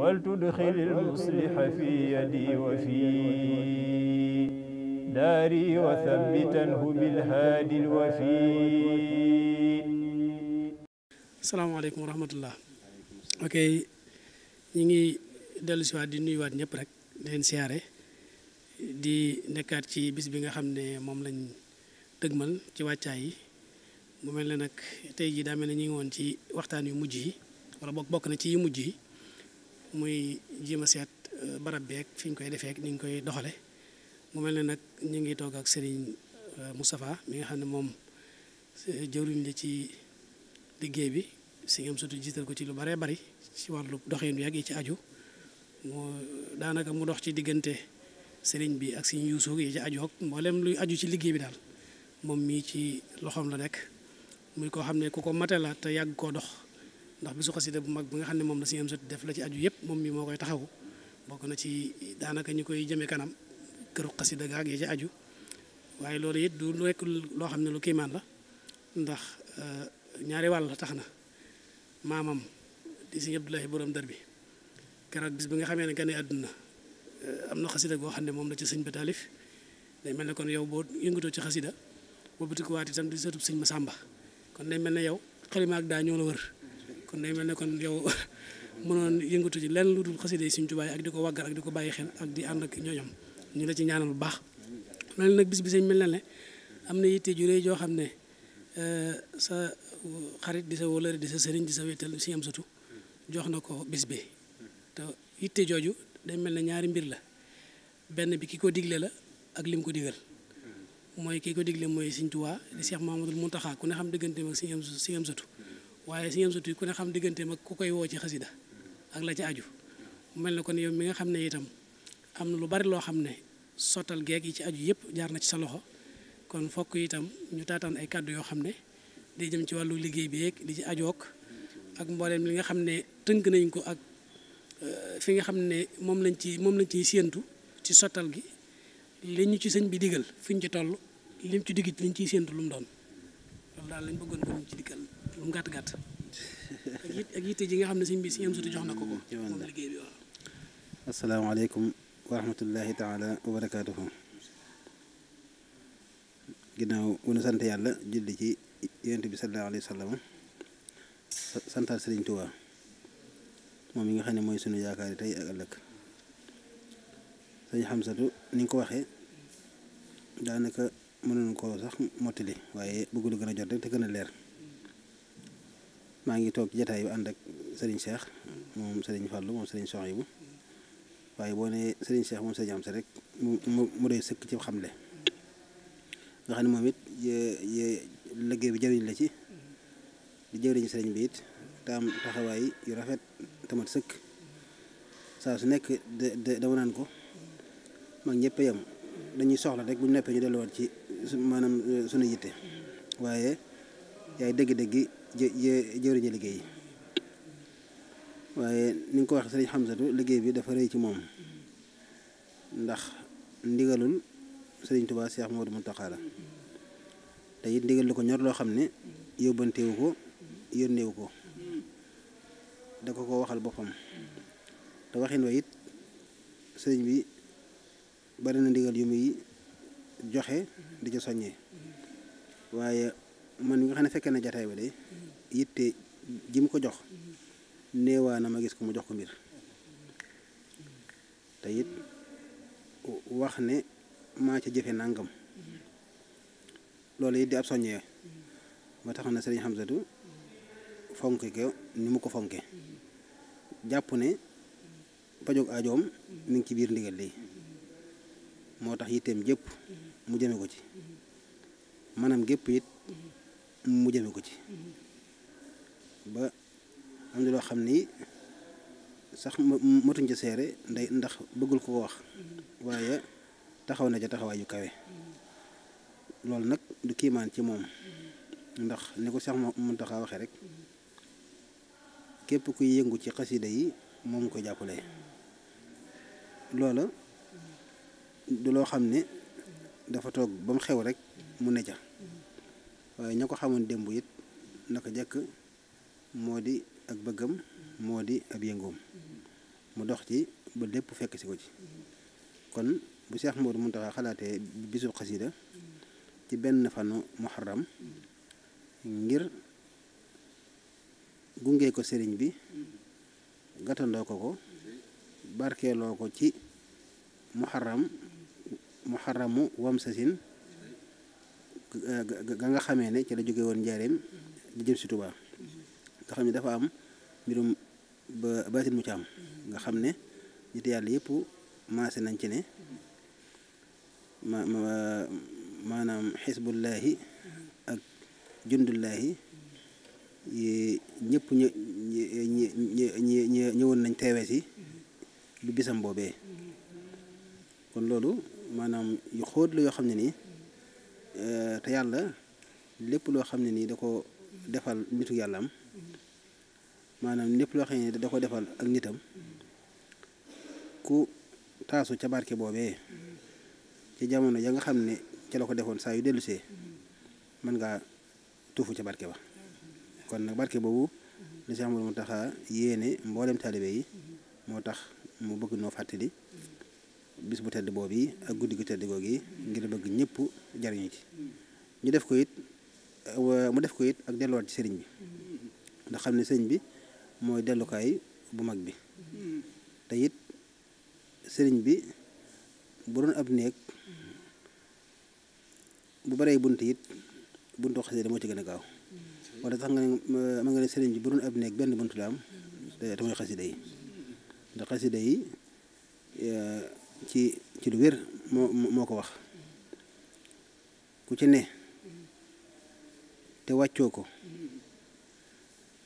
ولتدخل المصلح في يدي وفي داري وثبتنه بالهادي الوفي السلام عليكم ورحمة الله ok ñi ngi dellu waat di nuyuwaat ñëpp rek leen siyaare di nekkaat ci bis bi nga xam ne moom lañ dëgmal ci wàccaay yi mu mel ne nag tey jii daa mel ne ñu woon ci waxtaan yu mujj yi wala bokk bokk na ci yu mujj yi muy jéem a seet euh, barab beeg fi ñu koy defeek ni ñu koy doxale mu mel ne nag ñu ngi toog ak Serigne euh, Moustapha mi nga xam ne moom euh, jëwriñ la ci liggéey bi si ngam surtout jiital ko ci lu baree bari ci wàllu doxin bi ak yi ci aju mu daanaka mu dox ci diggante Serigne bi ak Serigne Youssou yi ci aju ak luy aju ci liggéey bi daal moom mii ci loxoom la nekk muy ko xam ne ku ko mate la te yàgg koo dox ndax bisu xasida bu mag bi nga xam ne moom la si am sot def la ci aju yëpp moom mi moo koy taxawu bokk na ci daanaka ñu koy jëmee kanam këru xasida gaag ya ci aju waaye loolu it du nekk loo xam ne lu kiimaan la ndax euh, ñaari wàll tax na maamam di Sëriñ Abdoulahi borom dër bi keroog bis bi nga xamee ne gane àdduna euh, am na xasida goo xam ne moom la ci sëñ ba taalif day mel ne kon yow boo yëngatoo ci xasida boo bitikuwaat itam di sëtub sëñ Masamba kon day mel ne yow xalima ak daa ñoo la kon day mel ne kon yow mënoon yëngatu ci lenn lu dul xasida yi suñ tubaay ak di ko waggar ak di ko bàyyi xel ak di ànd ak ñooñam ñu la ci ñaanal bu baax loolu nag bis bi sañ mel na ne am na yitte ju joo xam ne eh, sa xarit di sa wóolare di sa sëriñ di sa wéetal si am satu jox na ko bis bi te yitte jooju day mel ne ñaari mbir la benn bi ki ko digle la ak lim ko digal mooy ki ko digle mooy Sëriñ Tuubaa di Cheikh Mahamadul Muntaxa ku ne xam diggante ak si am satu waaye si ngeen sutu ku ne xam diggante mag ku koy woo ci xasida ak la ci aju mel na ko ne yow mi nga xam ne itam am na lu bari loo xam ne sottal geeg yi ci aju yëpp jaar na ci sa loxo kon fokk itam ñu taataan ay kàddu yoo xam ne day jëm ci wàllu liggéey bi yeeg di ci ajook ak mbooleem li nga xam ne tënk nañ ko ak euh, fi nga xam ne moom lañ ci moom lañ ciy séentu ci sottal gi li ñu ci sëñ bi diggal fi ñu ci toll lim ci digg liñ ciy séentu lu mu daal lañ bëggoon ba ñu ci diggal lu mu gàtt ak yitte ji nga xam ne sëñ bii si am sutu jox na ko ko moom liggéey bi waaw asalaamaaleykum wa rahmatullahi taala wa barakaatuhu sant yàlla julli ci yonent bi sallallahu alayhi wa dañ santaal Sëriñ moom mi nga xam ne mooy sunu yaakaari tey ak ëllëg xam Xamsatu ni nga ko waxee daanaka mënoon koo sax li waaye bëgg lu gën a jot rek te gën a leer maa ngi toog jataay bi ànd ak sëriñ Cheikh moom sëriñ Fallou moom sëriñ Soxibu waaye boo nee sëriñ Cheikh moom sëriñ Amsa rek mu mu doy sëkk ci xamle nga xam ne moom it ye liggéey bi jëriñ la ci di jëriñ sëriñ bi it te taxawaay yu rafet tamat sëkk saa su nekk de dama naan ko mag ñëpp yam dañuy soxla rek bu ñu ñu delluwaat ci maanaam sunu yitte waaye yaay dëgg-dëgg. jë jë jëriñu liggéey waaye ni nga ko waxee sëriñ Xamsatu liggéey bi dafa rëy ci moom ndax ndigalul sëriñ Tuubaa Seex Moodu Muntaxa la te it ndigal ko ñor loo xam ne yóbbantewu ko yónneewu ko da ko ko waxal boppam te waxin wa it sëriñ bi bari na ndigal yu muy joxe di ca soññee waaye man mi nga xam ne fekkee na jataay ba de yitte ji mu ko jox néewaa na ma gis ko mu jox ko mbir te it wax ne maa ci jëfe nàngam loolu it di ab soññee ba tax na sëriñ Xamsatu fonke ko ni mu ko fonke jàpp ne pajog ajoom mi ngi ci biir ndigal lii moo tax yitteem jëpp mu jëme ko ci maanaam gépp it mu jëme ko ci ba am na loo xam ni sax matuñ ca seere ndax bëggul ko wax waaye taxaw na ca taxawaay yu kawe loolu nag du kiimaan ci moom ndax ni ko sax mun taxaa waxee rek képp kuy yëngu ci xasida yi moom koy jàppale loola du loo xam ne dafa toog ba mu xew rek mu ne ca waaye ñoo ko xamoon démb it naka jekk moo di ak bëggam moo di ab yëngoom mu dox ci ba lépp fekk si ko ci kon bu Seex Moodu Muntaxa xalaatee bisul xasida ci benn fanu muharram ngir gunge ko sëriñ bi gàttandoo ko ko barkeeloo ko ci muharram muharramu wom sasin ga nga xamee ne ci la jóge woon njaareem di jëm si Tuubaa nga xam ne dafa am mbirum ba baatin mu ci am nga xam ne nit yàlla yëpp maase nañ ci ne ma maanaam xisbullaahi ak jundullaahi ñëpp ñu ñi ñëwoon nañ teewee si lu bisam boobee kon loolu maanaam yu xóot la yoo xam ne nii Euh, te yàlla lépp loo xam ne nii da ko defal nitu yàlla am maanaam lépp loo xam ne da ko defal ak nitam ku taasu ca barke boobee ci jamono ja nga xam ne ca la ko defoon saa yu dellusee mën ngaa tuufu ca barke ba kon nag barke boobu la Cheikh Mouhamadou Mountakha yéene mboolem taalibe yi moo tax mu bëgg noo fàttali bis bu tedd boobu yi ak guddi gu tedd googu yi ngir bëgg ñëpp jariñu ci ñu def ko it mu def ko it ak delluwaat ci sëriñ bi ndax xam ne sëriñ bi mooy dellukaay bu mag bi te it sëriñ bi bu doon ab néeg bu baree bunt it buntu xasida moo ci gën a gaaw wala tax ne bi bu doon ab néeg benn buntu la te mooy xasida yi ndax xasida yi ci ci lu wér moo moo ko wax ku ci ne te wàccoo ko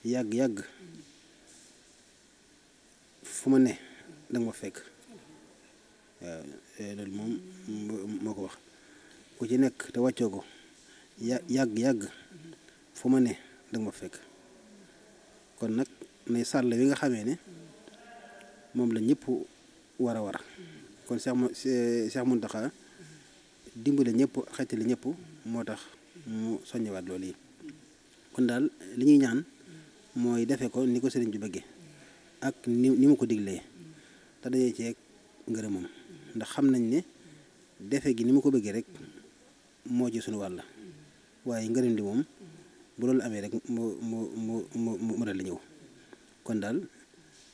yàgg-yàgg fu ma ne danga fekk waaw ko wax ku ci nekk te wàccoo ko yàgg-yàgg fu ma ne danga kon nag nay sàll bi nga xamee ne moom la ñëpp war a war kon Cheikh mu Cheikh dimb dimbale ñëpp xettali ñëpp moo tax mu soññewaat loolu yi kon daal li ñuy ñaan mooy defe ko ni ko sëriñ bi bëggee ak ni ni mu ko diglee te dajee ceeg moom ndax xam nañ ne defe gi ni mu ko bëggee rek moo ci suñu wàll waaye ngërëm di moom bu loolu amee rek mu mu mu mu mu dal ñëw kon daal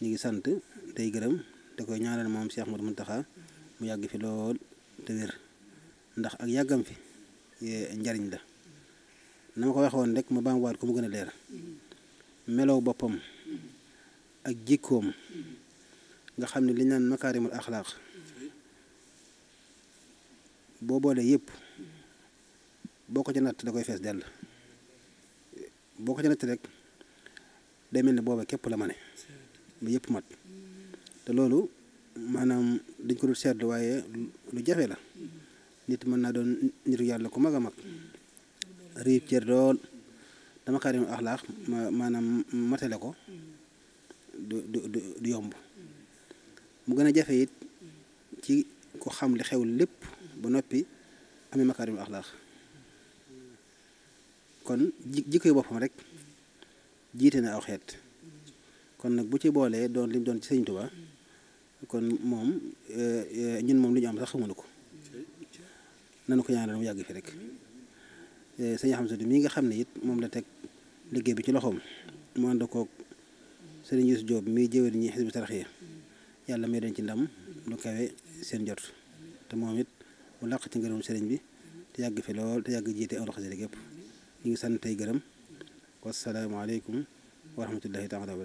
ñu ngi sant tey gërëm te koy ñaanal moom Cheikh Mountakha mu yàgg fi lool te wér ndax ak yàggam fi njariñ la na ma ko waxoon rek ma baam waat ko mu gën a leer melow boppam ak jikkoom nga xam ne li ñu naan makaarimul axlaaq boo boolee yépp boo ko ci da koy fees dell boo ko ci natt rek day mel ne képp la ma ne ba yëpp mat te loolu maanaam dañ ko dul seetlu waaye lu jafe la nit mën naa doon nitu yàlla ku mag a mag riib cër lool dama karim axlaax maanaam matale ko du du du yomb mu gën a jafe it ci ku xam li xew lépp ba noppi amee makaarim axlaax kon ji jikkoy boppam rek jiite na aw xeet kon nag bu ci boolee doon lim doon ci Sëñ kon moom eh, ñun moom li ñu am sax xamuñu ko nanu ko ñaanal mu yàgg fi rek eh, sëñ Hamza di mii nga xam ne it moom la teg liggéey bi ci loxoom mu ànd koog sëriñ Youssou Diop mii jëwër ñi Hizbut Tarqiyyah yàlla may dañ ci ndam lu kawe seen jot te moom it mu làq ci ngërëm sëriñ bi te yàgg fi lool te yàgg jiite awlu xasida gépp ñu ngi sant tey gërëm wasalaamaaleykum wa rahmatullahi taala wa